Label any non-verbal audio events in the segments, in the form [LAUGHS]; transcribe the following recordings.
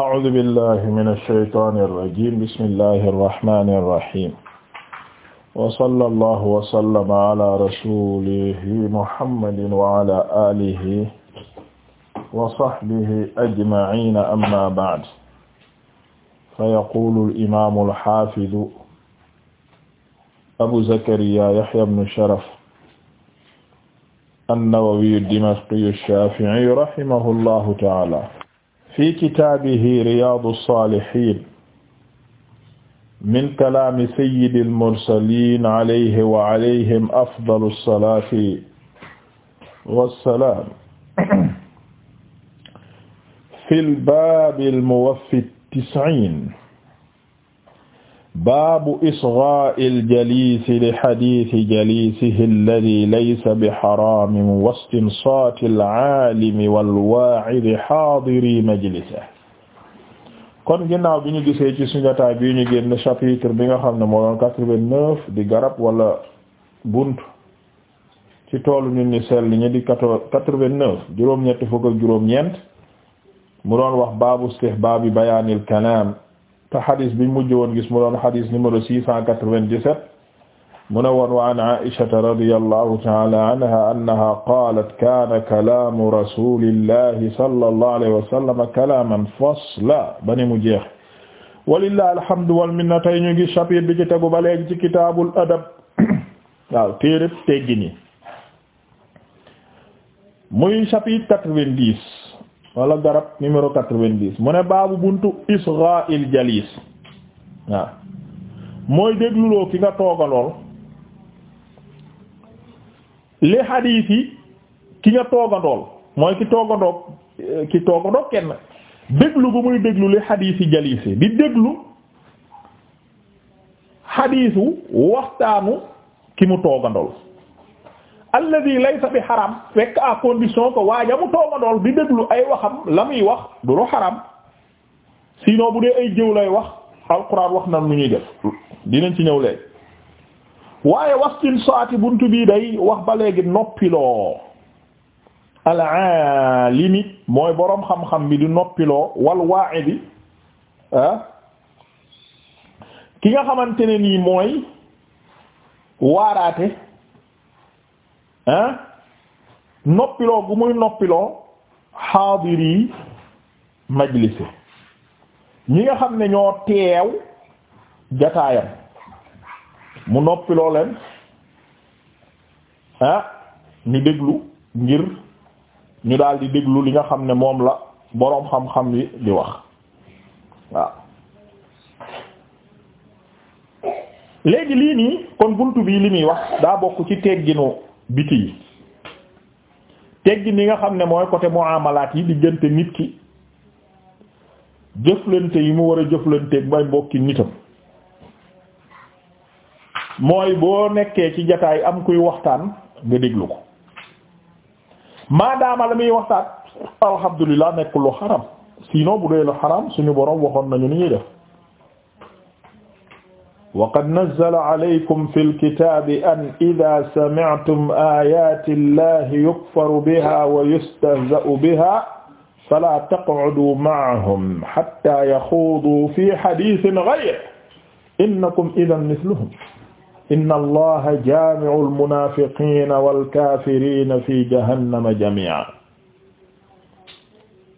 أعوذ بالله من الشيطان الرجيم بسم الله الرحمن الرحيم وصلى الله وسلم على رسوله محمد وعلى آله وصحبه أجمعين أما بعد فيقول الإمام الحافظ أبو زكريا يحيى بن شرف النووي الدمشقي الشافعي رحمه الله تعالى fi kitaabihi riyaadu saalihiin min kalaami sayyidil mursaliin alayhi wa alayhim afdalu salaati wa salaam. fil baabil muwaffi tis'iin baabu isgaa'il jaliisi li hadiisi jaliisihi allazii laysa bi haraamin wa istinsaati al-aalimi wal-waa'idi haadiri majlisihi. kon ginnaaw bi ñu gisee ci suñu jotaay bi ñu génn chapitre bi nga xam ne moo doon quatre-vingt-neuf di garab wala bunt ci toolu nit ñi sell ñi di quatre-vingt-neuf juróom-ñett fukk ak juróom-ñeent mu doon wax baabu istihbaabi bayaanil kalaam te xadis bi mujj woon gis mu doon xadis numéro 697 mu ne woon wa an aishata radiyallahu ta'ala anha annaha qalat kana kalaamu rasulillahi sallallahu alayhi wa sallam kalaaman fasla bani mu jeex walillahi alhamdu wal minna tey ñu ngi chapitre bi ci tegu ba léegi ci kitaabul adab [COUGHS] waaw téereb teggini muy chapitre 90 wala garab numéro quatre-vingt-dix mu ne baabu buntu israil jalis waaw mooy dégluloo ki nga toogalool li xadiis ki nga toogandool mooy ki toogandoog ki toogandoog kenn déglu bu muy déglu li xadiis yi jalis yi di déglu xadiisu waxtaanu ki mu toogandool alladi laysa bi xaram fekk a condition que waaja mu tooma dool di déglu ay waxam la wax du lu xaram sinon bu dee ay jëw lay wax alquran wax na nu ñuy def dinañ ci ñëw léegi waaye wastin saati buntu bii day wax ba léegi noppiloo alaalimi mooy boroom xam-xam bi di noppiloo wal wa'idi bi ah. ki nga xamante ne nii mooy waaraate ah noppiloo gu muy noppiloo xaadiri majlisi ñi nga xam ne ñoo teew jataayam mu noppiloo leen ah ñu déglu ngir ñu daal déglu li nga xam ne moom la boroom xam-xam yi di wax waaw léegi lii nii kon buntu bii li muy wax daa bokk ci tegginu biti yi teggin ni nga xam ne mooy côté muamalaat yi diggante nit ki jëflante yi mu war a jëflanteeg bay mbokki nitam mooy boo nekkee ci jataay am kuy waxtaan nga déglu ko maadaama la muy waxtaan alhamdulilah nekkul lu xaram sinon bu dee lu xaram suñu borom waxoon nañu ni ñuy def waqad nazzala alaykum fil kitaabi an idaa sami'tum aayaati llaahi yukfaru bihaa wa yustahza'u bihaa falaa taq'uduu ma'ahum hattaa yaxuuduu fii hadiisin ghayrihi innakum idan mithluhum inna allaha jaami'ul munaafiqiina wal kaafiriina fii jahannama jamii'an.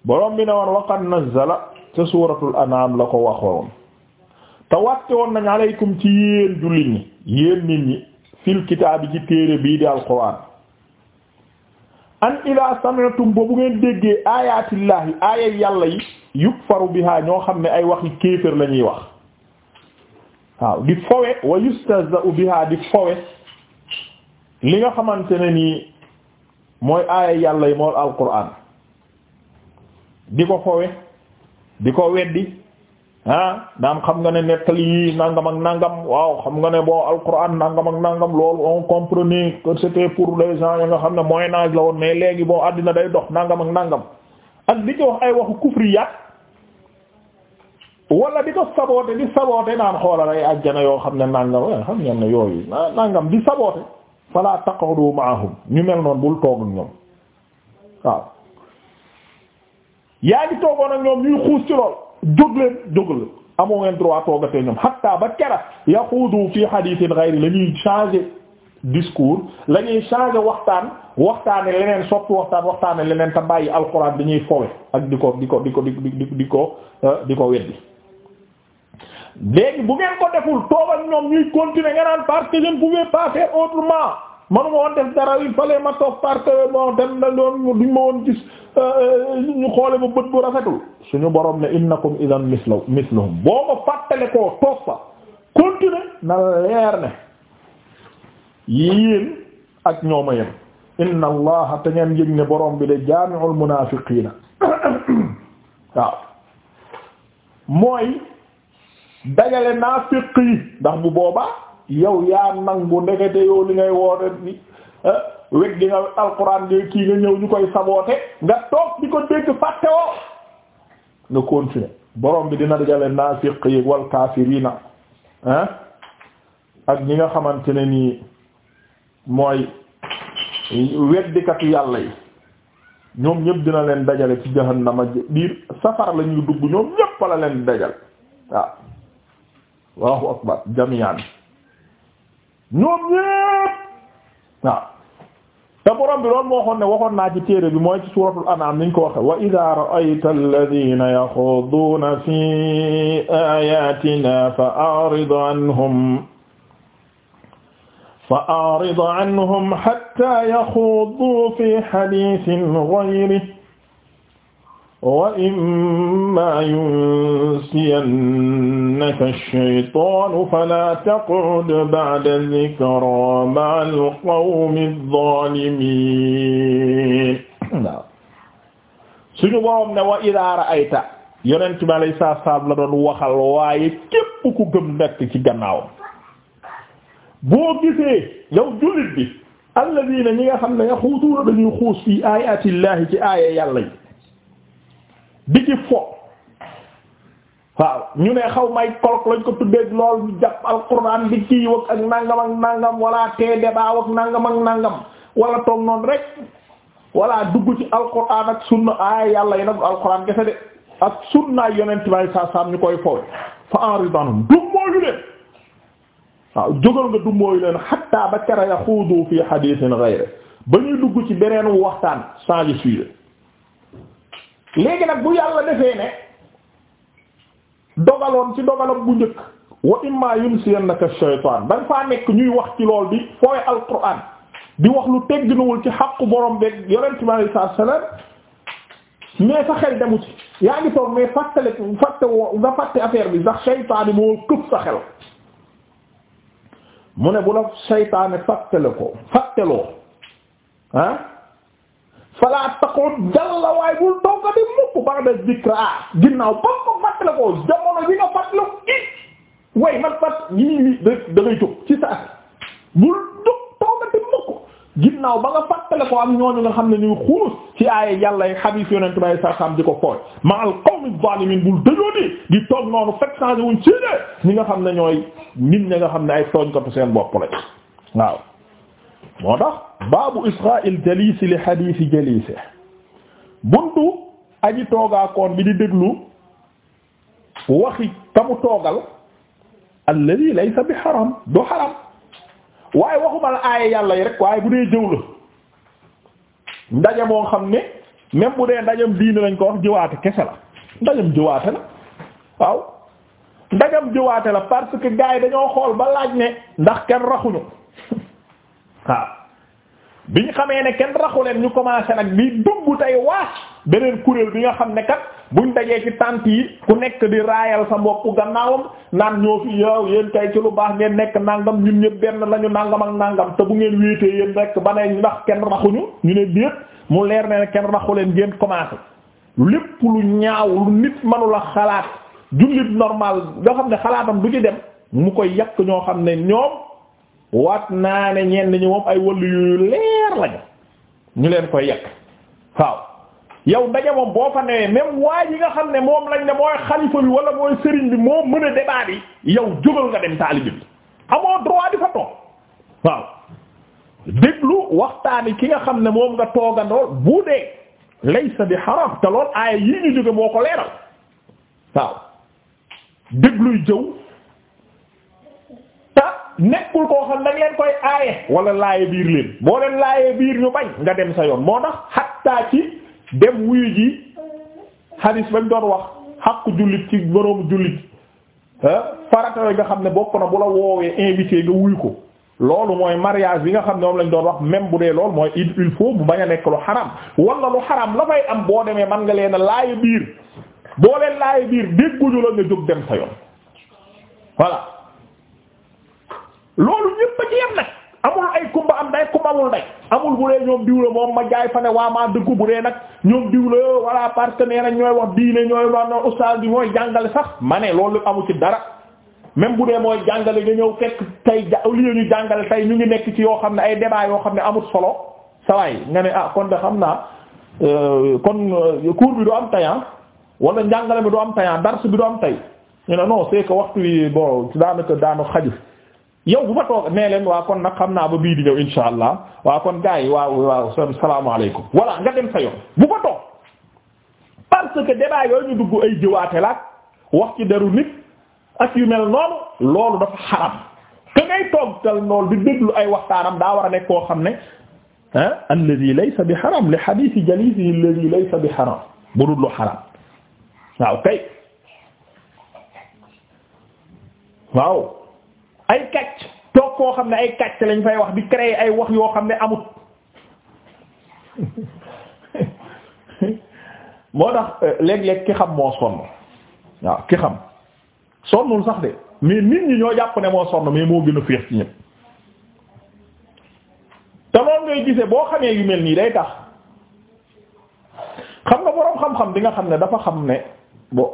borom bi ne woon waqad nazzala ca suuratul anaam la ko waxoon. te wàtte woon nañ aleykum ci yéen jullit ñi yéen nit ñi fil kitaabi ci téere bii di alquran an ila sami'tum boobu ngeen déggee ayatillahi aayay yàlla yi yukfaru biha ñoo xam ne ay waxi kéefër la wax waaw di fowe wa yustahza'u biha di fowe li nga xamante ne nii mooy aayay yàlla yi mool alquran di ko fowe di ko weddi ah naam xam nga ne nettali yi nangam ak nangam waaw xam nga ne bon alquran nangam ak nangam loolu on comprenait que c'était pour les gens yi nga xam ne moyen âge la woon mais léegi bon àddina day dox nangam ak nangam ak di ko wax ay waxu kufriyaat wala di ko saboote di saboote naan xoolal ay àjjana yoo xam ne nangam eh, xam ngeen ne yooyu nangam di saboote fala taqudu maahum ñu mel noonu bul toog ak ñoom waaw yaa ngi toogoon ak ñoom ñuy xuus ci lool. jóg leen jógal amoo ngeen droit toogatee ñoom hatta ba kera yaquudu fi hadithin ghayri la ñuy changer discours la changer waxtaan waxtaane leneen soppi waxtaan waxtaane leneen te bàyyi alxuraan bi ñuy fowe ak di ko di ko di ko di ko di ko eh, weddi léegi bu ngeen ko deful toog ñoom ñuy continuer nga naan parce que je ne autrement manu ma woon def dara il fallait ma toog parce que dem na doon duñ ma woon gis euh, euh, ñu xoole ma bët bu rafetul suñu borom ne innakum idan mislu misluhum boo ma fàttale koo toog fa continuer na leer ne yéen ak ñoom a inna allaha te ngeen yëg ne borom bi de jaami'ul munaafiqiina [COUGHS] waaw mooy dajale naafiq yi ndax bu boobaa yow yaa nangu ndekete yow li ngay woor ni eh, weg di nga alxuraan de kii nga ñëw ñu koy saboote nga toog di ko dégg fàtte nga continuer borom bi dina dajale naafiq yi wal kaafiriina ah ak ñi nga xamante ne nii mooy weddikatu yàlla yi ñoom ñëpp dina leen dajale ci jahannama biir safar la ñuy dugg ñoom ñëpp la leen dajal waaw allahu akbar jami'an ñoom ñépp waaw te borom bi doon moo waxoon ne waxoon naa ci téere bi mooy ci suuratul an'am niñ ko waxe wa idha ra'ayta alladhina yaxuduuna fi ayatina fa a'rid anhum fa a'rid anhum hatta yaxudu fi hadithin ghayrihi wa imma yunsiyannaka ash-shaytaanu falaa taq'ud ba'da dhikraa ma'al qawmi adh-dhaalimiin waaw suñu borom ne wa idhaa ra'ayta yonent bi alayhi salaam la doon waxal waaye képp ku gëm nekk ci gannaawam boo gisee yow jullit bi alladhiina ñi nga xam ne yaxuuduuna dañuy xuus fii aayaati llaahi ci aaya yàlla yi di ci fo waaw ñu ne xaw may kolk lañ ko tuddee lool ñu jàpp alquran di ci wëg ak nangam ak nangam wala tee débat ak nangam ak nangam wala toog noonu rek wala dugg ci alquran ak sunna aaya yàlla yi nag alquran gese de ak sunna yonent bay sa sam ñu koy foowe fa enridanum dummóoyu leen waaw jógal nga dummóoyu leen hatta ba kera yaxuudu fi hadithin ghayre ba ñuy dugg ci beneen waxtaan sans le sujet léegi nag bu yàlla defee ne dogaloon ci dogalam bu njëkk wa imma yunsiyannaka shaytaan da nga faa nekk ñuy wax ci lool bi fooy alquran di wax lu tegginuwul ci xaqu borom beeg yonent bi alayhi salaam mais sa xel demu ci yaa ngi toog mais fàttale fàtte woo nga fàtte affaire bi ndax shaytaan moo këf sa xel mu ne bu la shaytaane fàttale ko fàtteloo ah fala taqoon jalla waaye bul toog di mukk ba'da zikra ginnaaw ba ko fàttale ko jamono yi nga fàttale it way man fat ba nga fàttale am ñooñu nga xam ne ñuy xuus ci aaye yàlla yi xadiis yonent bay saa xam di ko fooy ma al qawmi zalimin bul dëjoo di di toog noonu fekk changé wuñ ci ñi nga xam ne ñooy nit ñi nga xam ne ay tooñkatu seen bopp lañ waaw moo tax baabu israil jalisi li xadiisi jalise buntu aji toogaakoon bi di déglu waxi kamu toogal alladi laysa bi xaram du xaram waaye waxuma la yàlla yi rek waaye bu dee jëw la ndaje moo xam ne même bu dee ndajam diine lañ ko wax jëwaate kese la ndajam jëwaate la waaw ndajam jëwaate la parce que gars dañoo xool ba laaj ne ndax kenn raxuñu waaw bi ñu xamee ne kenn raxu leen ñu commencé nag bi dugg tey waas beneen kuréel bi nga xam ne kat buñ dajee ci tànt yi ku nekk di raayal sa mbokk gannaawam naan ñoo fi yow yéen kay ci lu baax ngeen nekk nangam ñun ñëpp benn lañu nangam ak nangam te bu ngeen wéetee yéen rek ba ne ndax kenn raxuñu ñu ne déet mu leer ne kenn raxu leen ngeen commencé lépp lu ñaaw nit manula xalaat jullit normal nga xam ne xalaatam du ci dem mu koy yàq ñoo xam ne ñoom waat naa ne ñenn ñi moom ay wëllu yu leer lañu ñu leen koy yàq waaw yow ndaje moom boo fa newee même waa yi nga xam ne moom lañ ne mooy xalifa bi wala mooy sëriñ bi moo mën a débat bi yow jógal nga dem taalibe bi amoo droit di fa toog waaw déglu waxtaani ki nga xam ne moom nga toogandoo bu dee laysa bi haram te lool aaya yii ñu jóge moo ko leeral waaw dégluy jëw nekkul koo xam dañ leen koy aaye wala laaye biir leen boo leen laayee biir ñu bañ nga dem sa yoon moo tax xattaa ci dem wuyu ji hadis bañ doon wax xàqu jullit ci boroomu jullit farata yi nga xam ne bokk na bu la woowee invité nga wuyu ko loolu mooy mariage bi nga xam ne moom lañ doon wax même bu dee lool mooy il faut bu bañ a nekk lu xaram wala lu xaram la fay am boo demee man nga leen a laaye biir boo leen laaye biir dégguñu la nga jóg dem sa loolu ñëpp a ci yem nag amul ay kumba am day kumba amul day amul bu dee ñoom diw la moom ma jaay fa ne waa maa dëggu bu dee nag ñoom diw la walla partenaire ñooy wax diine ñooy wax na ustaas bi mooy jàngale sax ma ne loolu ci dara même bu dee mooy jàngale nga ñëw fekk tey ja au lieu ñu jàngale tey ñu ngi nekk ci yoo xam ne ay débat yoo xam ne amul solo sawaay nga ne ah kon de xam naa euh, kon euh, cours bi du am tey ah, wala njàngale bi du am tey ah, dars bi du am tey ñu ne non c'est que waxtu yi bon daanaka daanu xaju yow bu fa toog nee leen waa kon nag xam naa ba bii di ñëw insha allah waa kon gars yi waaw waaw salaamaaleykum voilà nga dem sa yoon bu fa toog parce que débat ñu dugg ay jëwaate laak wax ci deru nit ak yu mel noonu loolu dafa xaram que ngay toog tal noonu di déglu ay waxtaanam daa war a nekk koo xam ne ah alladi laysa bi xaram li xadiisi jalisi alladi laysa bi xaram bu dul lu xaram waaw kay waaw ay kàcc toog koo xam ne ay kàcc lañ fay wax di créer ay wax yoo xam ne amut moo tax euh, léeg-léeg ki xam moo sonn waaw ki xam sonnul sax de mais nit ñi ñoo jàpp ne moo sonn mais moo gën a féex ci ñëpp te loolu ngay gisee boo xamee yu mel nii day tax xam nga boroom xam-xam di nga xam ne dafa xam ne bo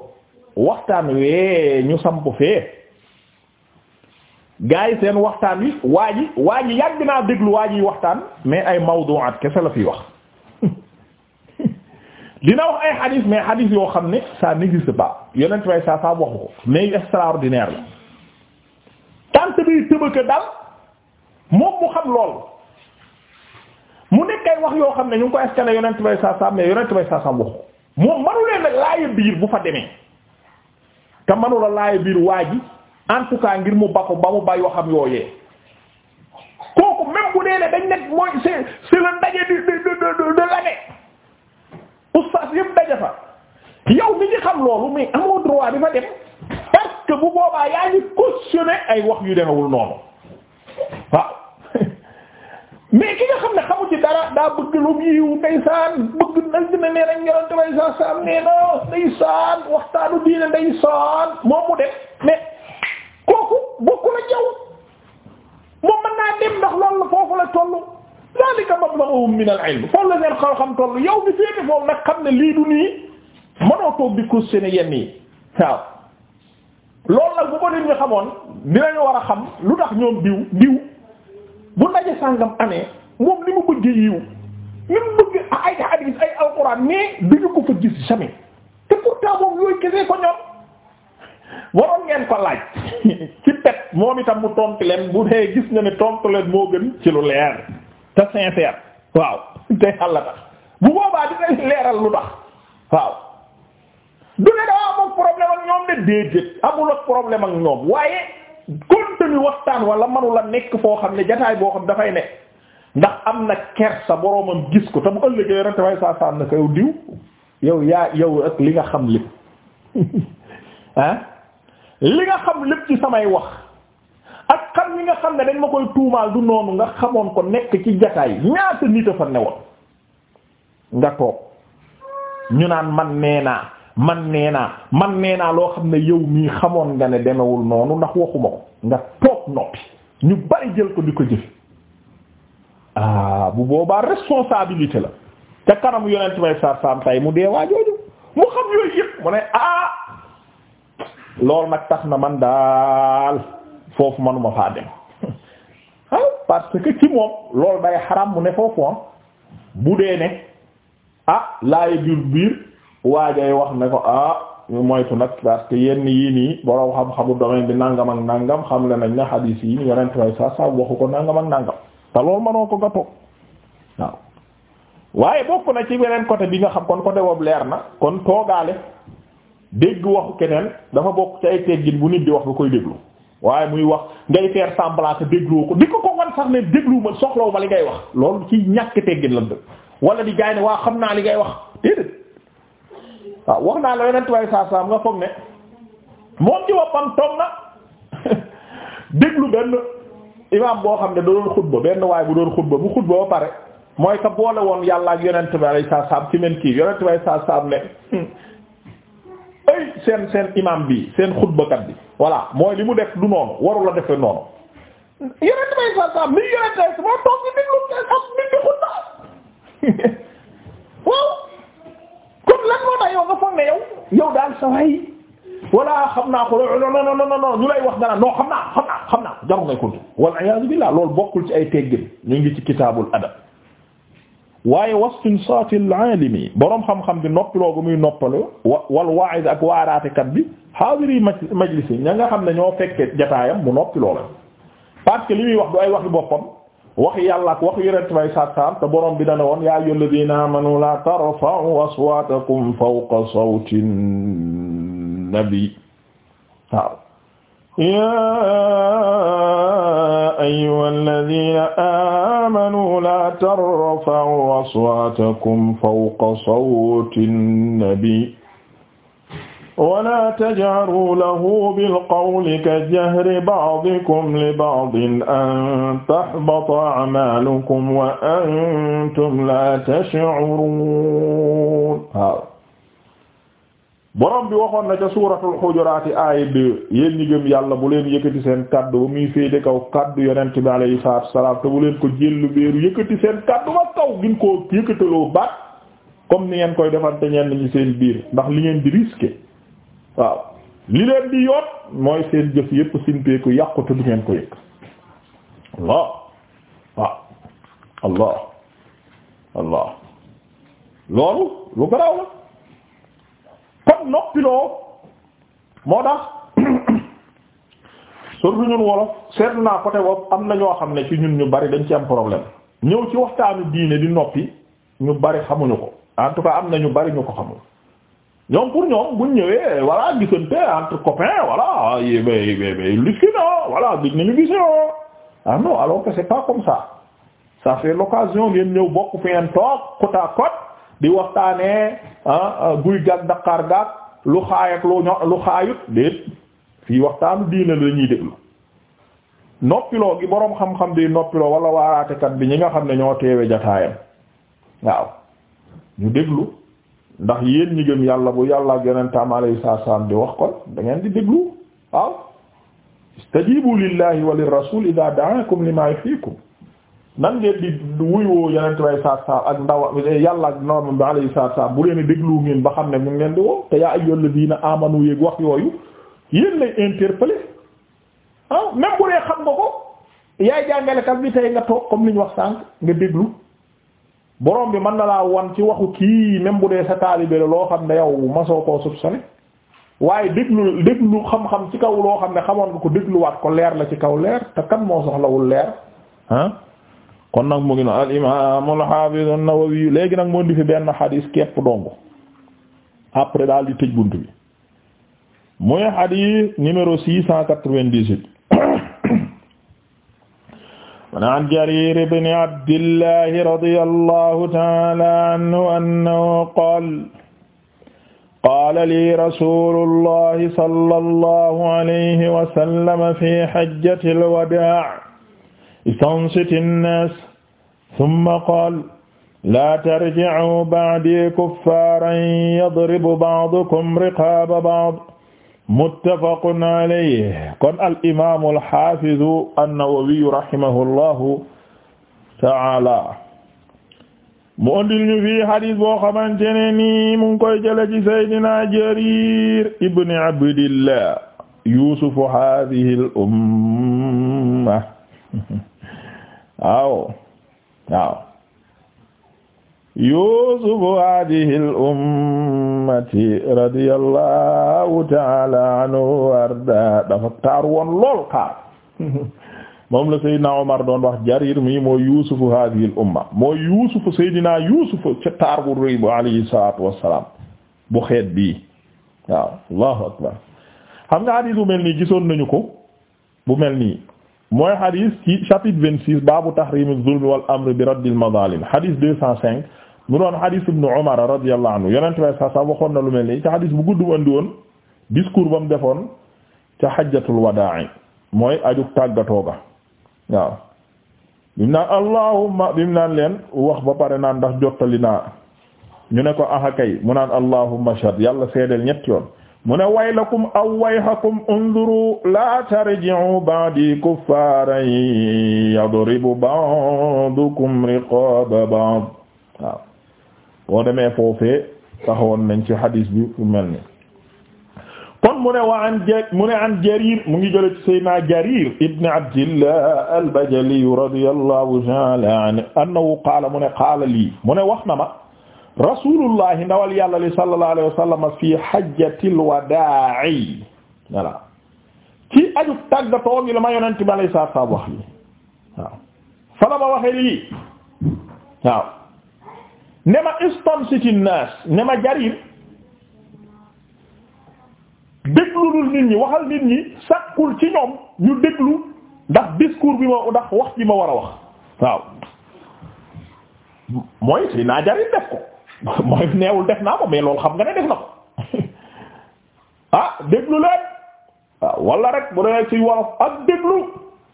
waxtaan wee ñu samp fee gaa yi seen waxtaan yi waa ji waa ji yàgg naa déglu waa ji waxtaan mais ay mawdu'at kese la fiy wax [LAUGHS] dina wax ay xadis mais xadis yoo xam ne ça n'existe pas yonent way saa saa waxu ko mais extraordinaire la tant bi tëbëka dal moom mu xam lool mu nekk ay wax yoo xam ne ñu ngi ko escale yonent way saa saa mais yonent way saa saa moom manu laaya biir bu fa demee te manu laaya biir waa ji en ngir mu bako ba mu bay waxam yooyee kooku même bu dee ne dañ nekk mooy c'est c'est le ndaje de de de l'année oustaz yëpp daje fa yow mi ngi xam loolu mais amoo droit di dem parce bu boobaa yaa ngi cautionné ay wax yu demewul noonu waaw [LAUGHS] mais ki nga xam ne xamu ci dara daa bëgg lu yiw ndeysaan bëgg nal dina nee nañ yorante bay sa sam nee na waxtaanu diine ndeysaan moom mu dem mais yow moom mën naa dem ndax loolu foofu la tollu zalika mablaghuhum min al-ilm tollu yow bi féete foofu nag xam ne lii du nii mënoo toog di ko seen yenn yi waaw loolu nag bu ko nit ñi xamoon dinañu war a xam lu tax ñoom diw diw bu ndaje sàngam amee moom li mu bëgg yiw li mu bëgg ay hadith ay alquran mais duñu ko fa gis jamais te pourtant moom yooyu kese ko ñoom. waroon ngeen ko laaj [LAUGHS] ci pet moom itam mu tontu leen bu dee gis nga ne tontu leen moo gën ci lu leer te sincère waaw [LAUGHS] te yàlla tax bu boobaa dina leeral lu tax waaw du ne daa amul problème problème ak ñoom waaye contenu waxtaan wala manula nekk foo xam ne jataay boo xam dafay ne ndax am na kersa boroomam gis ko te bu ëllëgee rek dafay saa saa na ko yow diw yow yaa yow ak li nga xam lépp [LAUGHS] ah. li nga xam lépp ci samay wax ak xam li nga xam ne dañ ma koy tuumaal du noonu nga xamoon ko nekk ci jataay ñaata nit a fa newoon nga toog ñu naan man nee naa man nee naa man nee naa loo xam ne yow mii xamoon nga ne demewul noonu ndax waxuma ko nga toog noppi ñu bari jël ko di ko jëf ah bu boobaa responsabilité la ca kanam yonent may saar saam mu dee waajooju mu xam yooyu yëpp mu ne ah lool nag tax na man daal foofu manuma faa dem [LAUGHS] ah parce que ci moom loolu day xaram mu ne foofu am ah. bu dee ne ah laay biir biir waajay wax ne ko ah ñu moytu nag parce que yenn yii nii borom xam-xamu domaine bi nangam ak nangam xam le nañ ne xadiis yi yonent way sa sa waxu ko nangam ak nangam te loolu manoo ko gatoo waaw waaye bokk na ci beneen côté bi nga xam kon côté boobu leer na kon toogaale dégg waxu keneen dafa bokk ci ay teggin bu nit di wax nga koy déglu waaye muy wax ngay faire semblant que dégluwoo ko di ko ko wan sax ne déglu ma soxlaw ma li ngay wax loolu ci ñàkk teggin wala di jaay waa xam naa li ngay wax waaw wax naa la yeneen tubaab yi saa nga foog ne moom ci [LAUGHS] déglu benn boo xam ne da doon xutba benn waaye bu doon xutba bu xutba ba pare mooy ka boole woon yàlla ak yeneen tubaab yi saa saam ci men kii yeneen tubaab yi saam ne. [LAUGHS] seen seen imam bi seen xutbakat bi voilà mooy li mu def du noonu waru defe noonu yeneen may sa sa mi yeneen di xutba [LAUGHS] waaw kon lan moo tax yow nga foog ne yow yow daal sa waay xam naa ko non non non non lay wax dara non xam naa xam naa xam naa jaru ngay kontu wal iyaazu billaah loolu bokkul ci ay teggin ñu ngi ci kitaabul adab waaye wastinsaati alaalimi boroom xam-xam bi noppiloo gu muy noppaloo wa wal waa'iz ak waaraatekat bi haadiri majlisi ña nga xam ne ñoo fekke jataayam mu noppiloo la parce que wax du ay waxi boppam waxi yàlla ak waxi yonent bay sàttaam te boroom bi dana woon yaa ayyuhalladiina aamanu laa tarfa'u aswaatakum fawqa sawti nabi waaw yaa ayyuhal laziina aamanuu laa tarfa'uu aswaatakum fawqa sawtin nabii wa laa taj'aluu lahu bil qawli kajahri ba'dikum li ba'din an tahbata a'maalukum wa antum laa tash'uruun borom bi waxoon na ca suuratul xujuraati aaya deux yéen ñi yàlla bu leen yëkkati seen kaddu ba muy féete kaw kàddu yonent bi alayhi salaatu wassalaam te bu leen ko jëllu béeru yëkkati seen kaddu ba kaw gin koo yëkkataloo baat comme ni ngeen koy defante ñeen ñi seen biir ndax li ngeen di risqué waaw li leen di yoot mooy seen jëf yépp simpeeku yàqu te du ngeen ko yëg allah waaw allah allah loolu lu garaw la kon noppiloo moo tax [COUGHS] surtout ñun wolof seetlu naa côté bopp am na ñoo xam ne ci ñun ñu bari dañ ci am problème ñëw ci waxtaanu diine di noppi ñu bari xamuñu ko en tout cas am na ñu bari ñu ko xamul ñoom pour ñoom buñ ñëwee voilà gisante entre copains voilà ay bay bay nañu gise ah non alors c'est pas comme ça ça l'occasion ngeen ñëw bokk fi ngeen toog côte à côte di waxtaanee ah, ah, guy gàgg daqaar gàgg lu xaay lu ño- lu xaayut déet fii waxtaanu diina la déglu noppiloo gi boroom xam-xam di noppiloo wala waaraatekat bi ñi nga xam ne ñoo teewe jataayam waaw ñu déglu ndax yéen ñi gëm yàlla bu yàlla ak yonentam alayhi salaam di wax kon da di déglu waaw istajibu lillahi wa lirrasul idha da'akum lima yuhyikum nan ngeen di wuyoo yenente way saat sa ak ndaw yàlla ak ndawam bi alayhi salaatu salaam bu leen déglu ngeen ba xam ne mu ngi leen di woo te yaa ayyuhal ladina amanu yéeg wax yooyu yéen lay interpeller ah même bu dee xam nga ko yaay jàngalekat bi tey nga toog comme li wax sànq nga déglu borom bi mën na laa wan ci waxu kii même bu dee sa taalibe loo xam ne yow masoo koo soupçonné waaye déglu déglu xam-xam ci kaw loo xam ne xamoon nga ko dégluwaat ko leer la ci kaw leer moo soxlawul leer ah kon nag mu ngi no al imam al hafiz an-Nawawi léegi nag moo di fi benn xadis kepp dong après daal di tëj bunt bi muy xadis numéro six cent quatre-vingt-dix-huit man [COUGHS] an Jarir ibn Abdillah radiyallahu ta'ala anhu annahu qala qala li rasulullahi sallallahu alayhi wa sallam fi hajjatil wadaa' istansit innaas summa qaal laa tarji'uu ba'dii kuffaaran yadribu ba'dukum riqaaba ba'd muttafaqun alayhi kon al imaamu al haafizu an-Nawawi rahimahullahu ta'aala mu andil ñu fi hadis boo xamante ne nii mu ngi koy jële ci Seydina Jariir ibn Abdillah Yuusufu haadihi al umma [LAUGHS] waaw waaw yusufu hadihi l taala anhu arda dafa taar woon lool xaar [LAUGHS] moom la Seydina Omar doon wax jarir mi mooy yusufu hadihi l umma mooy Seydina yusufu ca taar bu rëy bu alayhi salatu akbar xam nga hadis mel nii gisoon nañu ko bu mel nii mooy xadis ci chapitre vingt-six baabu tahrim zulmi wal amri bi raddil madalim xadis deux cent cinq mu doon xadis ibnu Umar radiyallahu anhu waxoon na lu mel nii ci xadis bu gudd mu andi woon discours ba mu defoon ca xajjatul wadaa mooy aju tàggatoo ga waaw bim naan bi mu naan leen wax ba pare naan ndax jottali naa ñu ne ko ahakay mu naan allahumma shad yàlla seedeel ñetti yoon mu ne waylakum aw wayhakum unzuru la tarji'u ba'di kuffaran yadribu ba'dukum riqaba ba'd waaw boo demee foofee taxawoon nañ ci xadiis bi fu mel ni kon mu ne wa an ja mu ne an Jarir mu ngi jële ci Seydina Jarir ibn Abdillah al-Bajali radiyallahu ta'ala anhu annahu qaala mu ne qaala lii mu ne wax na ma rasulullahi ndawal yàlla li sallallahu alayhi wa sallam fi hajjatil wadaa'i voilà ci aju tàggatoo gi la ma yonent bi alayhi salaam wax li ma waxee lii ne ma istamsiti naas ne ma jarir déglulul nit ñi waxal nit ñi sàkkul ci ñoom ñu déglu ndax discours bi ma ndax wax ji ma war a wax mooy si naa jarir def mooy neewul def naa ko mais loolu xam nga ne def na ko ah déglu leen waaw ah, wala rek bu dee ci wolof ak déglu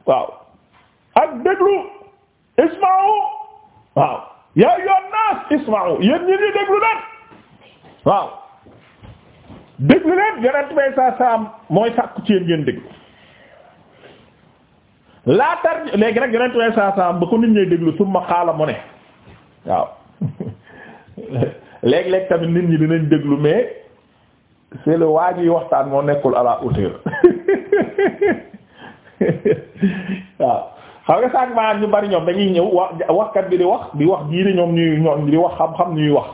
waaw ak déglu isma'u waaw yaa yoon naas isma'u yéen ñi di déglu leen waaw déglu leen yonent bay sa saam mooy sàkku ci yéen ngeen déglu laa tar léegi nag yonent bay sa saam ba ko nit ñuy déglu summa xaala mu ne waaw léeg-léeg tamit nit ñi dinañ déglu mais c'est waa ji waxtaan moo nekkul à la hauteur [LAUGHS] waaw xam nga sànq ñu bari ñoom dañuy ñëw wax waxkat bi di wax di wax jiiri ñoom ñuy ñoom di wax xam-xam ñuy wax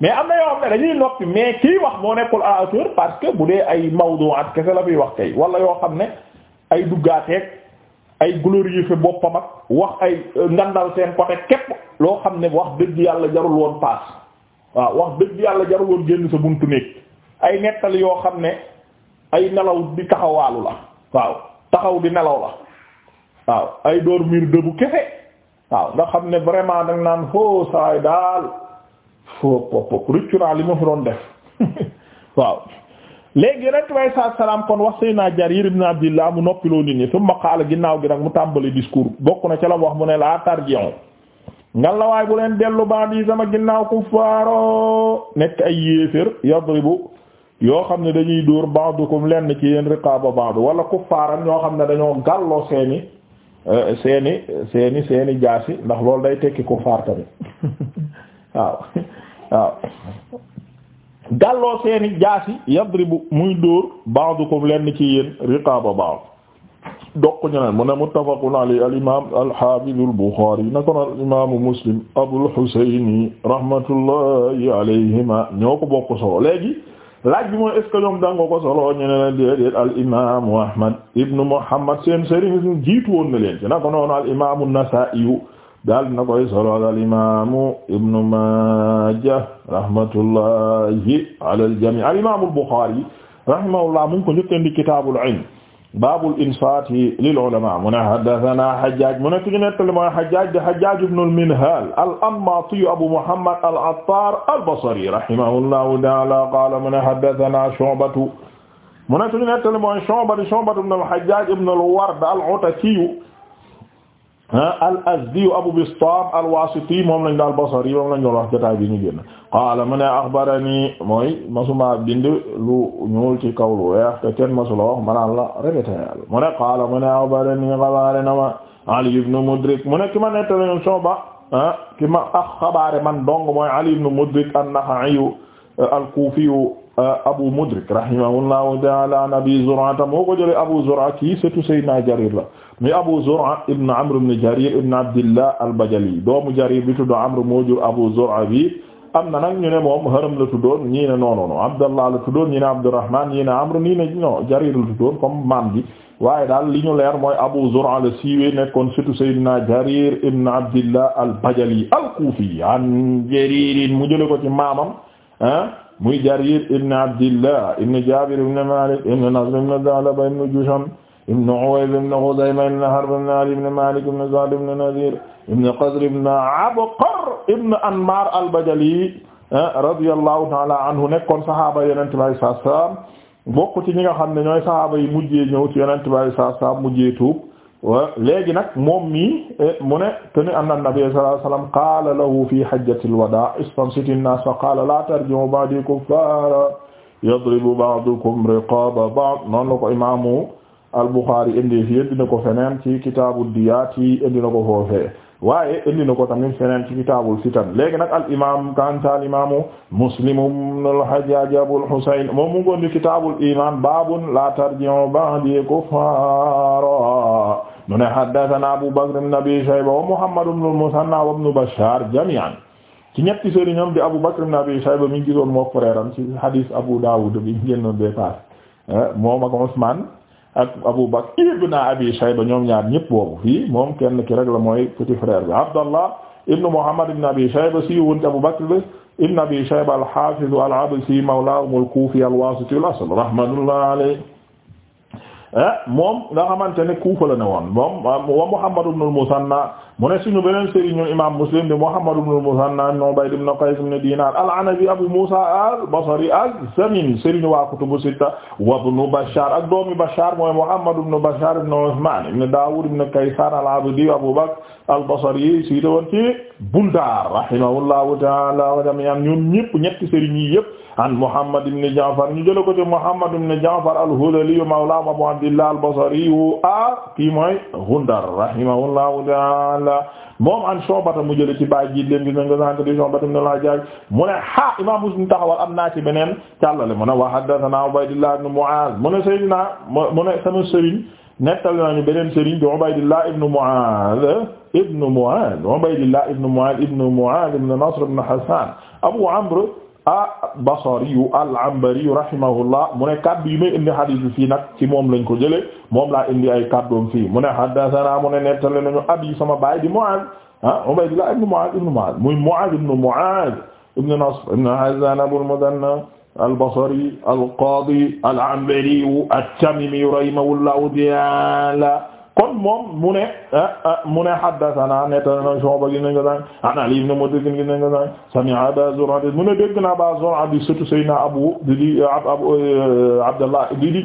mais am na yoo xam ne dañuy noppi mais kii wax moo nekkul à la hauteur parce que bu dee ay at kese la muy wax kay wala yoo xam ne ay duggaateeg ay glorifier boppam ak wax ay ngandal seen côté képp loo xam ne wax dëgg yàlla jarul woon paas. waaw wax dëgg yàlla jarul woon génn sa buntu néeg ay nettali yoo xam ne ay nelaw di taxawaalu la waaw taxaw di nelaw la waaw ay dormir debout kese waaw nga xam ne vraiment da naan foo saay daal foo li ma fi doon def [LAUGHS] waaw léegi rek way sa salaam kon wax sëy naa Jarir ibn Abdillah mu noppiloo nit ñi summa qaala ginnaaw gi nag mu tàmbali discours bokk na ci la wax mu ne laa tarji'u ngalawaay bu leen dellu bandi sama ginnaaw kuffaaro nekk ay yéefér yadribu yoo xam ne dañuy dóor ba'dukum lenn ci yéen riqaba ba'd wala kuffaaran ñoo xam ne dañoo gàlloo seeni euh, seeni seeni seeni jaasi ndax lool day tekki kuffaar tamit [LAUGHS] waaw waaw gàlloo seeni jaasi yadribu muy dóor ba'dukum lenn ci yéen riqaba ba'd doq ñu naan mu ne muttafaqun alayhi al imaam al haafiz al Buxaari naka la imaamu Muslim Abul Husayn rahmatullahi alayhima ñoo ko bokk solo léegi laaj bi mooy est ce que ñoom dangoo ko solo ñu ne leen déedéet al imaamu Ahmad ibn Muhammad seen sëriñ jiitu woon na leen ci naka noonu al imaamu Nasaa'i daal na koy solo al imaamu Ibn Maaja rahmatullahi ala al jamii al imaamu al Buxaari rahimahullah mu ngi ko njëkkandi kitaabul ilm baabul insaati lil ulamaa mu ne haddasanaa Hajjaaj mu ne ku ñu nettali mooy Hajjaaj di Hajjaaj ibnul Minhaal al-Anmaati Abu Muhammad al-Attaar al-Basri rahimahullahu ta'aalaa qaala mu ne haddasanaa Shu'batu mu ne ku ñu nettali mooy Shu'batu Shu'batu ibnul Hajjaaj ibnul Ward al-Ataki al azdi abu bistam al wasiti moom lañ daal basri moom lañ doon wax jotaay bi ñu génn qaala mu ne axbarani mooy masuma bind lu ñuul ci kaw lu weex te kenn masula wax manaan la répété mu ne qaala mu ne axbarani xabaare na ma ali ibn mudrik mu ne ki ma nettali sooba ki ma man dong mooy ali ibn mudrik an-naxa'i al-Kufiyu euh, Abu Mudrik rahimahullahu ta'ala an Abi Zur'a moo ko jëlee Abu Zur'a kii surtout Seydina Jarir la mais Abu Zur'a ibn Amr ibn Jarir ibn Abdillah al-Bajali doomu Jarir bi tudd Amr moo jur Abu Zur'a bi am na nag ñu ne moom Haram la tuddoon ñii ne non non Abdallah la tuddoon ñii ne Abdurrahman ñii ne Amr ñii ne non Jarir la tuddoon comme maam ji waaye daal li ñu leer mooy Abu Zur'a la siiwee nekkoon surtout Seydina Jarir ibn Abdillah al-Bajali al-Kufi an Jarir mu jëlee ko ci maamam. Ah, muy Jarir ibn Abdillah ibn Jabir ibn Malik ibn Nadr ibn Tha'laba ibn Jusham ibn Uwayb ibn Khuzayma ibn Harb ibn Ali ibn Malik ibn Sa'd ibn Nadir ibn Qadr ibn Abqar ibn Anmar al-Bajali ah, radiyallahu ta'ala anhu nekkoon saxaaba Yonent bi saa saa bokk ci ñi nga xam ne ñooy saxaaba yi mujjee ñëw ci Yonent bi saa saa mujjee tuub léegi nag moom mii eh, mu ne teni anna nabiyyi sallallahu alayhi wasallam qaala lahu fi hajjatil wadaa istamsiti an-naas fa qaala laa tarji'uu ba'dii kuffaara yadribu ba'dukum riqaaba ba'd noonu la ko imaamu al-Bukhari indi fi indi na ko feneen ci kitaabu diyaat yi indi na ko foofee waaye indi na ko tamit feneen ci kitaabul fitan léegi nag al imaam kanta al imaamu Muslim ibn al-Hajjaj Abul Husayn moom mu ngi woon di kitaabul iimaan baabun laa tarji'uu ba'dii kuffaara mu ne haddathana Abu Bakr ibn Abi Shayba wa Muhammad ibn al-Musanna wa ibn Bashar jami'an ci ñetti sëriñam di Abu Bakr ibn Abi Shayba mi ngi gisoon moo frère am ci hadith Abu Dawud bi ñu génnoon bee paase eh, moom ak Usman ak Abu Bakr ibn Abi Shayba ñoom ñaar ñëpp boobu fii moom kenn ki rek la mooy petit frère bi Abdallah ibn Muhammad ibn Abi Shayba si woon ci Abu Bakr ibn Abi Shayba al-Hafiz al-Absi mawlahum al-Kufi al-Wasiti al-asl rahmatullahi alayhi Eh? moom nga xamante ne Kufa la ne woon moom wa Muhammad ibn al-Musanna mu ne suñu beneen sëriñ ñun imam Muslim de Muhammad ibn al-Musanna ibn Ubayd ibn Qays ibn Dinar al-Anabi Abu Musa al-Basri az-Zamin sëriñ wa kutubu sitta wa ibn Bashar ak doomi Bashar mooy Muhammad ibn Bashar ibn Uthman ibn Dawud ibn Kaysan al-Abdi Abu Bakr al-Basri ci Bundar rahimahullahu ta'ala wa jami'an ñoom ñépp ñetti sëriñ yi yépp an Muhammad ibn Ja'far ñu jële ko ci Muhammad ibn Ja'far al-Hudhali mawla Abu Abdillah al-Basri a kii mooy Ghundar rahimahullahu ta'ala moom an Shu'bata mu jële ci bàyyi ji leen dinañ ko sànq di Shu'bata ibn al-Hajjaj mu ne ha Imam Muslim taxawal am naa ci beneen càllale mu ne wa haddathana Ubaydullah ibn Mu'az mu ne Seydina mu ne sama sëriñ nettali nañu beneen sëriñ di Ubaydullah ibn Mu'az ibn Mu'az Ubaydullah ibn Mu'az ibn Mu'az ibn Nasr ibn Hassan Abu Amr al-Basriyu al-Anbariyu rahimahullah mu ne kaddu yi may indi hadis bi fii nag ci moom lañ ko jëlee moom laa indi ay kaddoom fii mu ne haddathana mu ne nettali nañu abi sama baay di Mu'aaz ah Ubaydullah ibn Mu'aaz ibn Mu'aaz muy Mu'aaz ibn Mu'aaz ibn Nasr ibn Hazzaan Abul Muthanna al-Basri al-Qaadi al-Anbariyu at-Tamiimiyu rahimahullahu ta'aala kon moom mu ne ah, ah, mu ne haddathana nettana Shu'ba gis nañ ko sànq an Ali ibn Mudrakin gis nañ ko sànq sami'a Aba Zur'a mu ne dégg naa Aba Zur'a di surtout Seydina Abu di di ah, Abu eh, Abdallah di di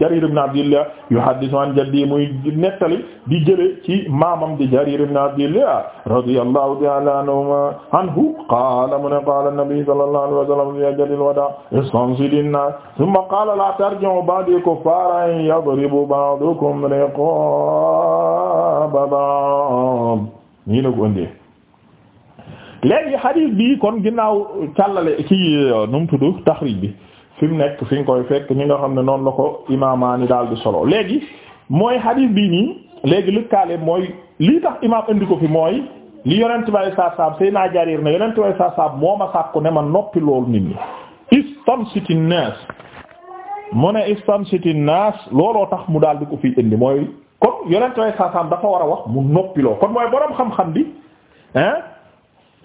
Jarir ibn Abdillah yuhaddithu an jaddi muy nettali di jële ci maamam di Jarir ibn Abdillah radiyallahu ta'ala anhuma anhu qaala mu ne qaala an-nabi sallallahu alayhi wa sallam fi hajjatil wadaa istansidin nas thumma qaala la tarji'u ba'di kuffaran yadribu ba'dukum riqa'a xaaba baam ñii na ko ëndee léegi xadiis bi kon ginnaaw càllale ci euh, nu mu tudd taxriij bi fi mu nekk fi koy fekk ñi nga xam ne noonu la ko imaamaani daal di solo léegi mooy xadiis bi nii léegi lëkkaale mooy lii tax imaam indi ko fi mooy li yonent bay saab sëy naa jarir ne yonent bay saab moo ma sàkku ne ma noppi loolu nit ñi istamsiti naas mu ne istamsiti naas looloo tax mu daal di ko fi indi mooy kon yonent way saasaam dafa war a wax mu noppiloo kon mooy boroom xam-xam bi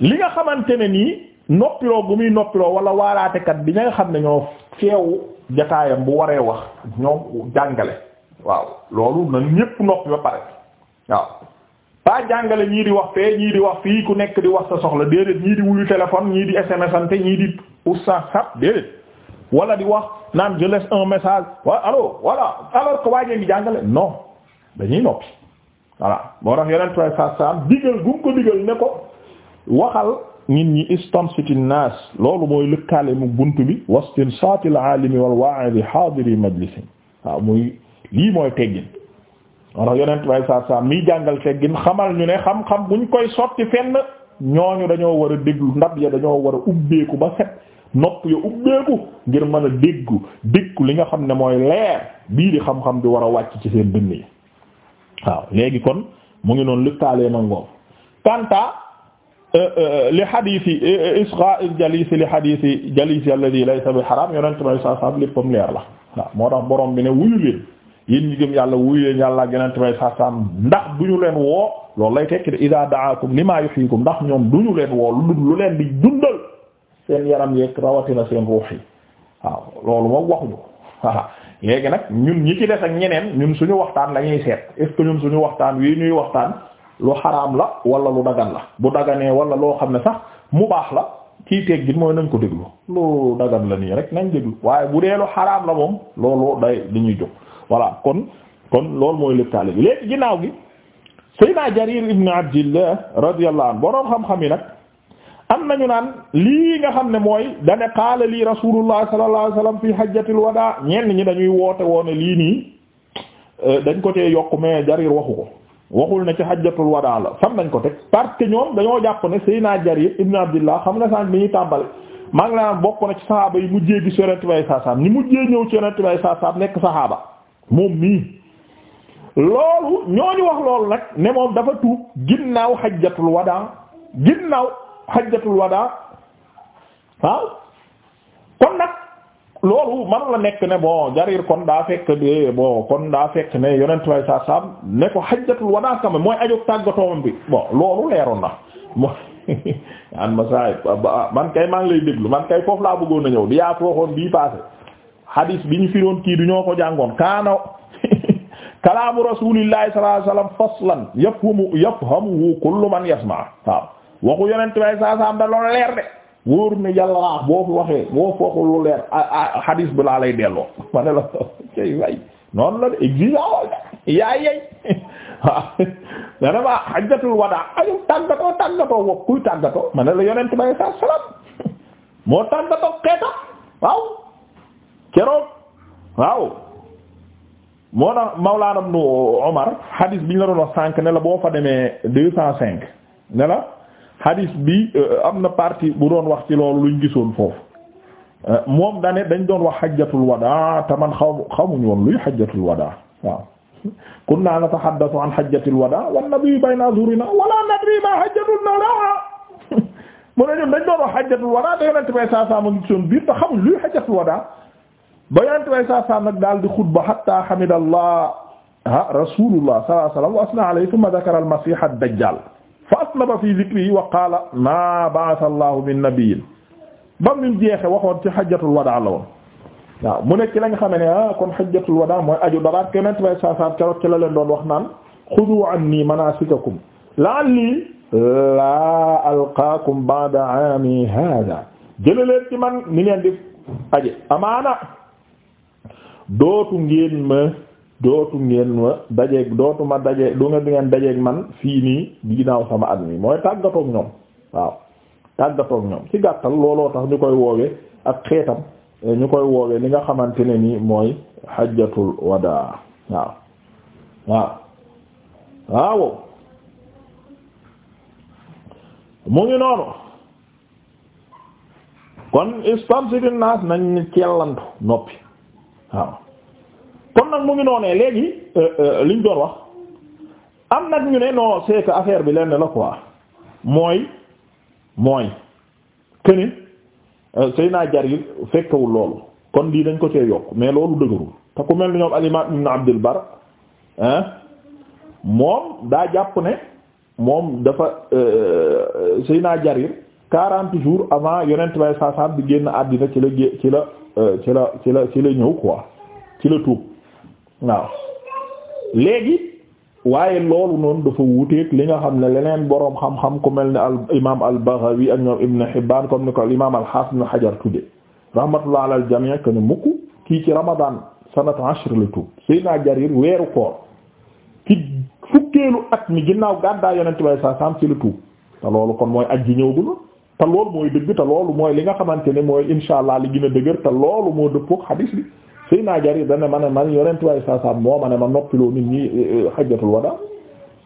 li nga xamante ne nii noppiloo bu muy noppiloo wala waaraatekat bi ña xam ne ñoo feewu jataayam bu waree wax ñoom jàngale waaw loolu na ñépp noppi ba pare waaw pas jàngale ñii di wax fee ñii di wax fii ku nekk di wax sa soxla déedéet ñii di wuyu téléphone ñii di SMS ante ñii di oustansap déedéet wala di wax naan je laisse un message wa allo voilà alors que waajee ngi dañuy noppi voilà moo tax yeneen trois cent cent digal gu mu ko digal ne ko waxal nit ñi istamsiti naas loolu mooy lëkkaale mu bunt bi wastin saatil alimi wal wa'idi hadiri majlisin waaw muy lii mooy teggin moo tax yonent bay saa saa jàngal teggin xamal ñu ne xam-xam buñ koy sotti fenn ñooñu dañoo war a déglu ndab ya dañoo war a ubbeeku ba set nopp ya ubbeeku ngir mën déggu déggu li nga xam ne mooy leer bii di xam-xam bi war a wàcc ci seen dënn yi waaw léegi kon mu ngi noonu lëkkaalee ma ngoom kanta euh, euh, li xadiisi euh, isqa jalisi li xadiisi jalisi alladhi laysa yi xaram yonent may saa saam léppam leer la waaw moo tax borom bi ne wuyu leen yéen ñi yàlla wuyu leen yàlla ak yonent may saa ndax du ñu leen woo loolu lay tekki de idaa da'akum limaa yuhyikum ndax ñoom du ñu leen woo lu dul lu leen di dundal seen yaram yeeg rawatina seen ruux yi waaw loolu moom waxuñu [LAUGHS] léegi nag ñun ñi ci des ak ñeneen ñun suñu waxtaan la ñuy seet est ñun suñu waxtaan wi ñuy waxtaan lu xaraam la wala lu dagan la bu daganee wala loo xam ne sax mu baax la kii teggin mooy nañ ko déglu lu dagan la nii rek nañ déglu waaye bu dee lu xaraam la moom loolu day li ñuy jóg voilà kon kon loolu mooy lëkkaale bi léegi ginnaaw gi Seydina Jarir ibn Abdillah radiyallahu anhu boroom xam-xam yi nag am nañu naan lii nga xam ne mooy dane qaala lii rasulullah sallallahu alayhi wasallam fi hajjatil wadaa ñenn ñi dañuy woote ne lii nii euh, dañ ko tee yokk mais jarir waxu ko waxul ne ci hajjatul wadaa la fan nañ ko teg parce que ñoom dañoo jàpp ne Seydina jarir ibn abdillah xam nga sànq bi ñuy tàmbal maa ngi la naan bokk na ci sahaaba yi mujjee gis yonent bay saasaam ñi mujjee ñëw ci yonent bay saasaam nekk sahaaba moom mii loolu ñooñu wax loolu nag ne moom dafa tuub ginnaaw hajjatul wadaa ginnaaw xajjatul wadaa waaw kon nag loolu man nekk ne bon jarir kon daa fekk de bon kon daa fekk ne yonent way sa sam ne ko xajjatul wadaa kam mooy ajog tàggatoomam bi bon loolu leeroon na mooy [LAUGHS] man kay maa ngi lay déglu man kay foofu laa bëggoon a ñëw di yaa waxoon bii passé hadis bi ñu firoon kii du ñoo ko jàngoon kaana [LAUGHS] kalaamu rasuulillahi sallallahu alayhi wasallam faslan yafhamu yafhamu kullu man yasma waaw waxu yonent way saasaam da loolu leer de wóor ne yàlla laax boo fi waxee boo foxul lu leer hadis bi laa lay delloo [LAUGHS] ma ne la cay way noonu la de exigeant wal yaay yey [LAUGHS] waaw [LAUGHS] ma hajjatul wadaa ayu tàggatoo tàggatoo wax kuy tàggatoo ma ne la yonent bay saa salaam moo tàggatoo xeeta waaw keroog waaw moo tax Mawlaana Ibnu Umar hadis bi ñu la doon wax sànq ne la boo fa demee deux cent cinq ne la hadis bi euh, am na partie bu doon wax ci loolu luñ gisoon foofu euh, moom dane dañ doon wax xajjatul wadaa te man xaw xamuñu woon luy xajjatul wadaa waaw kunna natahaddathu an xajjatil wadaa wan nabiyyu bayna azhurina wala nadri ma xajjatul wadaa [LAUGHS] mu ne ñun dañ doon wax xajjatul wadaa te yonent bay saa saa ma ngi gisoon biir te xamuñ luy xajjatul wadaa ba yonent bay saa saa nag daal di xutba hatta hamidallah rasulullah sallallahu alayhi wa sallam wa asna alayhi thumma dhakara al-masih ad-dajjal fa asnaba fi dhikrihi wa qaala maa ba'atha Allahu min nabiyyin ba mu jeexe waxoon ci hajjatul wadaa la woon waaw mu nekk ci la nga xamee ne ah kon hajjatul wadaa mooy aju dara keneen tubay saa saa keroog ci la leen doon wax naan xudu anni manasikakum la'alli laa alqaakum ba'da 'aami haadaa jëlee leen ci man ni ngeen di aje amaana dootu ngeen ma. dootu ngeen ma dajeeg dootu ma dajeeg du ngeen dajeeg man fii nii ginnaaw sama at mi mooy tàggatoog ñoom waaw tàggatoog ñoom ci gàttal looloo tax ñu koy woowe ak xeetam eh, ñu koy woowe li nga xamante ne nii mooy xajjatul wadaa waaw waaw waaw mu ngi noonu kon istamsidin naas nañ cellantu noppi waaw kon nag mu ngi noonee léegi euh, euh, liñ doon wax am nag ñu ne noo c'est que affaire bi lenn la kowaa mooy mooy naa euh, Seydina Jarir fekkewul loolu kon lii dañ ko cee yokk mais loolu dëgërul te ku mel ni ñoom al-Imam Ibn Abdul Bar ah moom daa jàpp ne moom dafa Seydina Jarir quarante jours avant yonent bay saasaam bi génn àddina ci la ci la ci la ci la ci la ñëw quoi ci la tuub waaw léegi waaye loolu noonu dafa wuuteeg li nga xam ne leneen boroom xam-xam ku mel ne al imaam al Baghawi ak ñoom Ibn Hibbaan comme ni ko al imaam al Haafiz Ibn Hajar tudde rahmatullah ala al jamii que ne mukk kii ci Ramadan sanata ashr la tuub Seydina Jarir weeru koor ci fukkeelu at mi ginnaaw gàddaay yonent bay saa saam ci la tuub te loolu kon mooy aj ji ñëwgula te loolu mooy dëgg te loolu mooy li nga xamante ne mooy insha allah li gën a dëgër te loolu moo sëy naa Jarir dana ma ne man yonent waaye saa saa moo ma ne ma noppiloo nit ñi eh, eh, xajjatul wada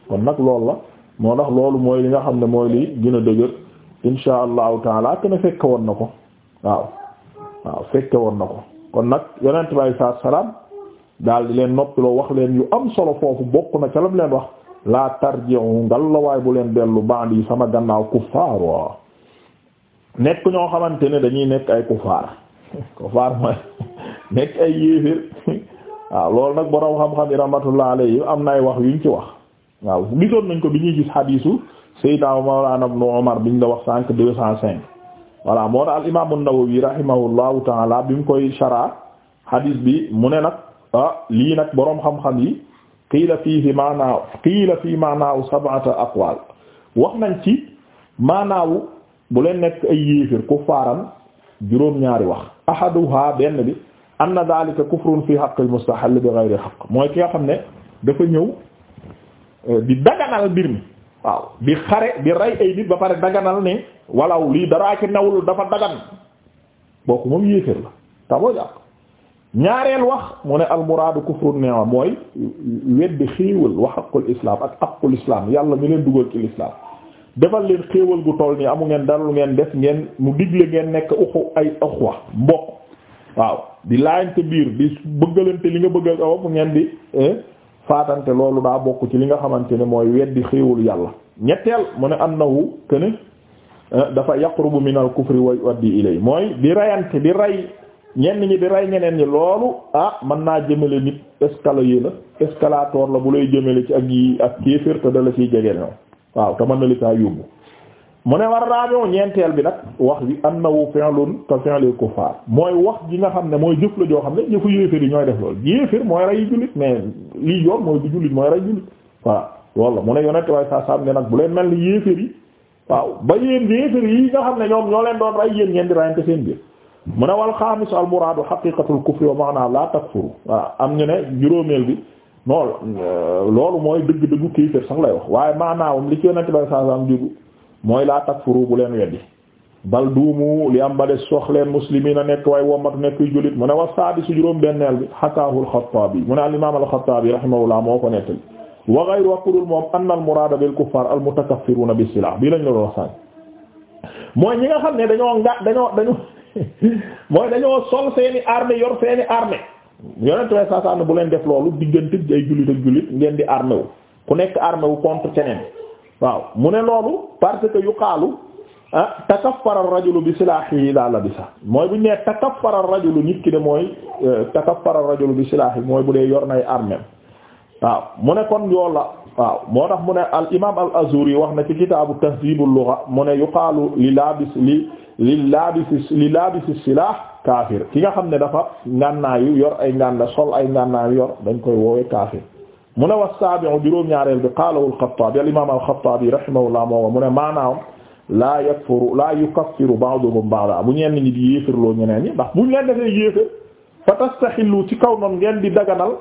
kon nag loolu la moo tax loolu mooy li nga xam ne mooy li gën a dëgër insha allahu taala te ne fekke woon na ko waaw waaw fekke woon na ko kon nag yonent waaye saa salaam daal di leen noppiloo wax leen yu am solo foofu bokk na ca lam leen wax laa tarji'u ngal la waay bu leen dellu bandi yi sama gannaaw kuffaar nekk ñoo xamante ne dañuy nekk ay kuffaar [LAUGHS] nekk ay yéeféer waaw loolu nag boroom xam-xam yi rahmatullah alayhi am na ay wax yuñ ci wax waaw gisoon nañ ko bi ñuy gis xadiisu a Mawlana Ibn Umar biñ la wax cinq deux cent cinq voilà moo tax al imaamu Nawawi rahimahullahu taala bi mu koy shara xadiis bi mu ne nag ah lii nag boroom xam-xam yi qiila fiihi maanaaw qiila fii maanaaw sab'ata aqwaal wax nañ ci maanaawu bu leen nekk ay yéeféer ku faaran juróom-ñaari wax ahaduha benn bi anna dhalika kufrun fi haqqil mustahall bi ghayri haqq mooy ki nga xam ne dafa ñëw euh, di daganal mbir mi waaw di xare di rey ay nit ba pare daganal ne walaw lii daraa ci nawul dafa dagan booku moom yéeféer la taboo jàpp ñaareel wax mu ne almuraadu kufrun ni'ma mooy weddi xéewal wa haqqul islam ak haqqul islam yàlla mi leen dugal ci l'islam defal leen xéewal bu toll nii amu ngeen dara lu ngeen def ngeen mu digle ngeen nekk uxu ay uxwa mbokk waaw di laajante biir di bëggalante li nga bëggal sa bopp ngeen di eh, faatante loolu daa bokk ci li nga xamante ne mooy weddi xéewul yàlla ñetteel mu ne annahu këne eh, dafa yaqrubu min al kufri wa yuaddi ilay mooy di reyante di rey ñenn ñi di rey ñeneen ñi loolu ah man naa jëmale nit escalier la escalator la bu lay jëmale ci ak yi ak kéefër te da la ciy jege ñoom waaw te mën na li taa yóbbu mu ne war rabion ñeenteel bi nag wax bi annahu fi'lun ka fi'lil kuffar mooy wax ji nga xam ne mooy jëf la joo xam ne jëfu yéefér yi ñooy def loolu yéefér mooy rey jullit mais lii mooy du jullit mooy rey jullit voilà loolu la mu ne yonent nag bu leen mel ni yéefér waaw ba yéen yéefér yi nga xam ne ñoom ñoo leen doon rey yéen ngeen di rayante seen biir mu ne wal xaamis al muraadu xaqiqatul kufri wa maana la takfuru voilà am ñu ne bi noonu euh, loolu mooy dëgg-dëggu kéefér sax lay wax waaye maanaawam li ci yonent waaye saa sam jógu mooy laa takfuru bu leen weddi bal duumu li am ba des sox leen muslimiin a nekk waaye wommatu nekk jullit mu ne wa saadi su juróom benneel bi hakaahu al-Xattaabi mu ne al-imaam al-Xattaabi rahimahullah moo ko nettali wa ghayru waqulul moom anna al-muraada bil kuffaar al-mutakaffiruuna bi silaah bii lañ la doon wax sànq mooy ñi nga xam ne dañoo nga dañoo dañoo [LAUGHS] mooy dañoo sol seeni armée yor seeni armée yonent way saasann bu leen def loolu diggante ay jullit ak jullit di armé wu ku nekk armé wu contre keneen waaw mu ne loolu parce que yuqaalu ah takaffara ar-rajulu bi silaahihi idha labisa mooy bu ñu nee takaffara ar-rajulu nit ki de mooy euh, takaffara ar-rajulu bi silaahihi mooy bu dee yor nay armem waaw mu ne kon yool la waaw moo tax mu ne al imaam al azuri wax na ci kitaabu tahdhibul lugha mu ne yuqaalu li laabis li li laabis li laabis silaah kaafir ki nga xam ne dafa ngànnaayu yor ay ngànna sol ay ngànnaayu yor dañ koy woowe kaafir mu ne wa saabi'u juróom-ñaareel bi qaalahu al-Xattaabi al-imaam al-Xattaabi rahimahullah moo mu ne maanaam laa yakfuru laa yukaffiru ba'duhum ba'dan bu ñenn ñi di yéefirloo ñeneen ñi ndax bu ñu leen defee yéefir fa tastaxillu ci kaw noonu ngeen di daganal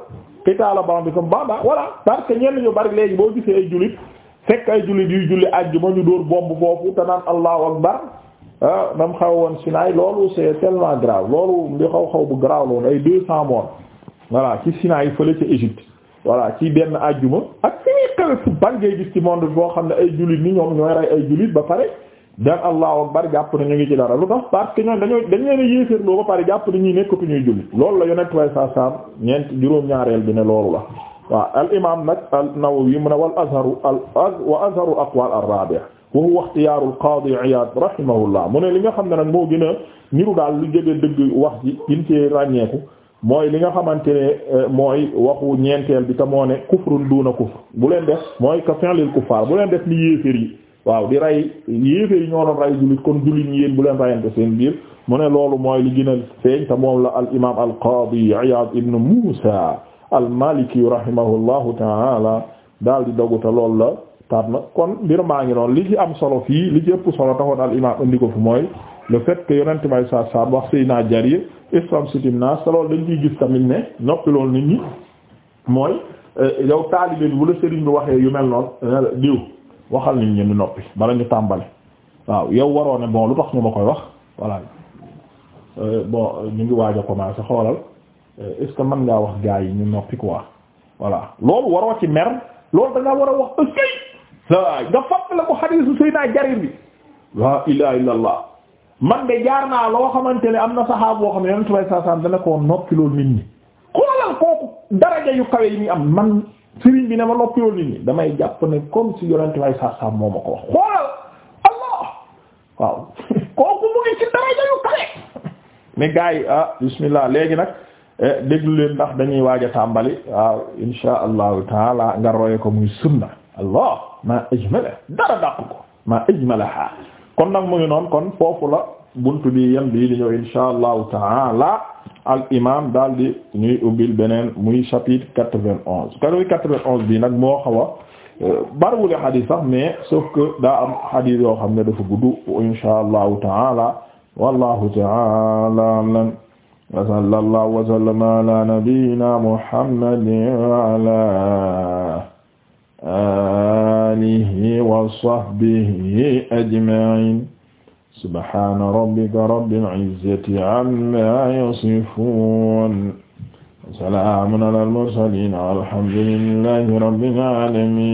qitaala ba'dikum ba'dan voilà parce que ñenn ñu bari léegi boo gisee ay jullit fekk ay jullit yuy julli àjjuma ñu door bomb foofu te naan allahu akbar ah nam xaw woon Sinaay loolu c'est tellement grave loolu li xaw xaw bu grave loolu ay deux cents morts voilà ci Sinaay fële voilà ci benn àjjuma ak fi ñuy xewe fu gis ci monde boo xam ne ay jullit ni ñoom ñooy rey ay jullit ba pare dan allahu akbar jàpp na ñu ngi ci dara lu tax parce que ñoom dañoo dañ leen a yéeféerloo ba pare jàpp na ñuy nekkatu ñuy jullit loolu la yonent way sa sam ñeent juróom-ñaareel bi ne loolu la waa al imam nag an-Nawawi mu ne wal azharu al wa azharu aqwal ar-rabi' wa huwa ikhtiyaaru qaadi Iyaad rahimahullah mu ne li nga xam ne nag moo a niru daal lu jege wax ji gin cee ràññeeku mooy li nga xamante ne euh, mooy waxu ñeenteel bi te moo ne kufrun duuna kufr bu leen def mooy ka fi'lil kuffaar bu leen def ni yéeféer yi waaw di rey yéeféer yi ñoo doon rey jullit kon jullit ñi yéen bu leen reyante seen biir mu ne loolu mooy li gën a feeñ te moom la al imaam al qaadi Iyaad ibn Muusa al maliki rahimahullahu taala daal di dogu te loolu la taat na kon mbir maa ngi noonu li ci am solo fii li ci ëpp solo taxoon al imaam indi ko fi mooy. le fait que yonent may saa saa wax Seydina Jarir istamsitin nas te loolu dañ koy gis tamit ne noppi loolu nit ñi mooy eh, yow taalibe bi bu la sëriñ bi waxee yu mel noonu eh, diw waxal nit ñi noppi bala ñu tàmbale waaw yow waroo ne bon lu tax ñu ma koy wax voilà eh, bon ñu ngi waaj a commencer xoolal est-ce ngaa wax gaa yi ñu noppi quoi voilà loolu waroo ci mer loolu da ngaa war a wax nga fàttali ko hadiisu Seydina Jarir bi la ilaha illallah man de jaar naa loo xamante ne am na saxaab xam ne yonent bay saa saam dana ko noppiloo nit ñi xoolal kooku daraja yu kawe yi muy am man sëriñ bi ne ma noppiloo nit ñi damay jàpp ne comme si yonent bay saa saam moo ma ko wax xoolal allah waaw [LAUGHS] kooku mu ngi ci daraja yu kawe mais gars yi ah bismillah léegi nag eh, déglu leen ndax dañuy waaja tàmbali waaw insha allahu taala nga roye ko muy sunna allah maa ajmala dara dàq ko maa ajmalaha kon nag mu ngi noonu kon foofu la buntu bi yem bii di ñëw insha allahu taala al imam daal di ñuy ubbil beneen muy chapitre quatre-vingt-onze quatre-vingt-onze bi nag moo xaw a euh, barwule xadiis sax mais sauf que daa am xadiis yoo xam ne dafa gudd insha allahu taala wallahu taala alam wa sallallahu wa sallama ala nabiyyina muhammadin wa ala alihi wa sahbihi ajma'in subhana rabbika rabbil izzati amma yasifun salaamun alal mursaliin walhamdulillahi rabbil aalamiin